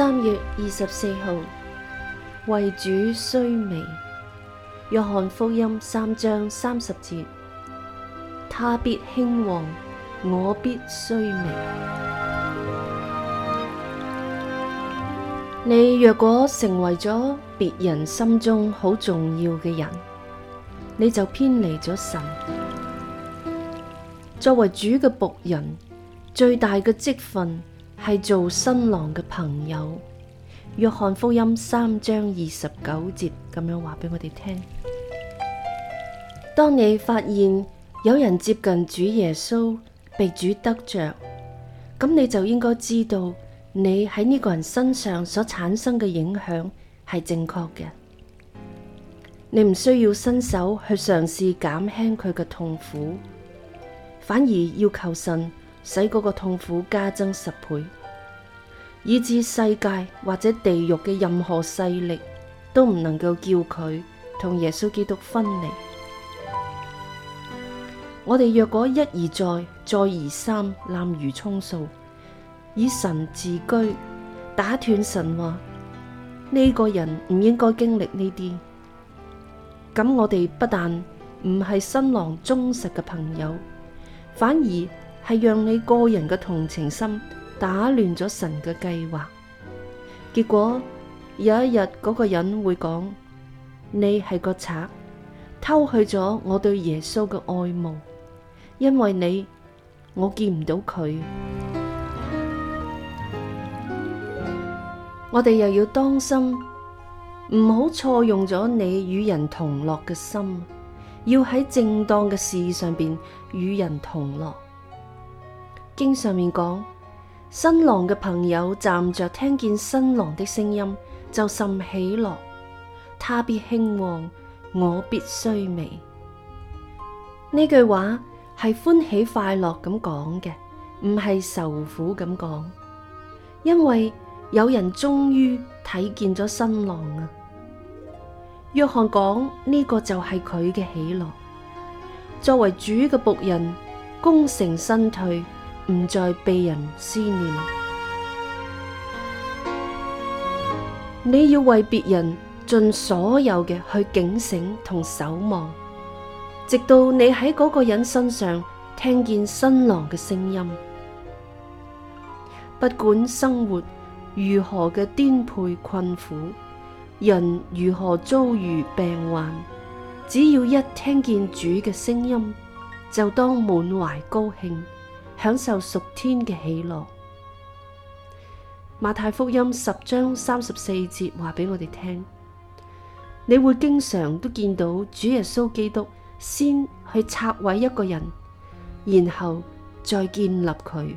三月二十四號，為主衰微。約翰福音三章三十節：他必興旺，我必衰微。 你若果成為咗別人心中好重要嘅人，你就偏離咗神。作為主嘅僕人，最大嘅職份。係做新郎嘅朋友。約翰福音三章二十九節咁樣話俾我哋聽。當你發現有人接近主耶穌，被主得着，咁你就應該知道，你喺呢個人身上所產生嘅影響係正確嘅。你唔需要伸手去嘗試減輕佢嘅痛苦，反而要求神使嗰個痛苦加增十倍。以至世界或者地獄嘅任何勢力都唔能夠叫佢同耶穌基督分離。 我哋若果一而再、再而三濫竽充數，以神自居，打斷神話，呢、這個人唔應該經歷呢啲。咁我哋不但唔係新郎忠實嘅朋友，反而係讓你個人嘅同情心，打亂咗神嘅計劃，結果有一日嗰個人會講：你係個賊，偷去咗我對耶穌嘅愛慕，因為你我見唔到佢。我哋又要當心，唔好錯用咗你與人同樂嘅心，要喺正當嘅事上邊與人同樂。經上面講。新郎嘅朋友站着聽見新郎的聲音，就甚喜樂。他必興旺，我必衰微。呢句話係歡喜快樂咁講嘅，唔係愁苦咁講。因為有人終於睇見咗新郎啊！約翰講，呢個就係佢嘅喜樂。作為主嘅僕人，功成身退。唔再被人思念，你要為別人盡所有嘅去警醒同守望，直到你喺嗰個人身上聽見新郎嘅聲音。不管生活如何嘅顛沛困苦，人如何遭遇病患，只要一聽見主嘅聲音，就當滿懷高興。享受屬天嘅喜樂。馬太福音十章三十四節話畀我哋聽，你會經常都見到主耶穌基督先去拆毀一個人，然後再建立佢。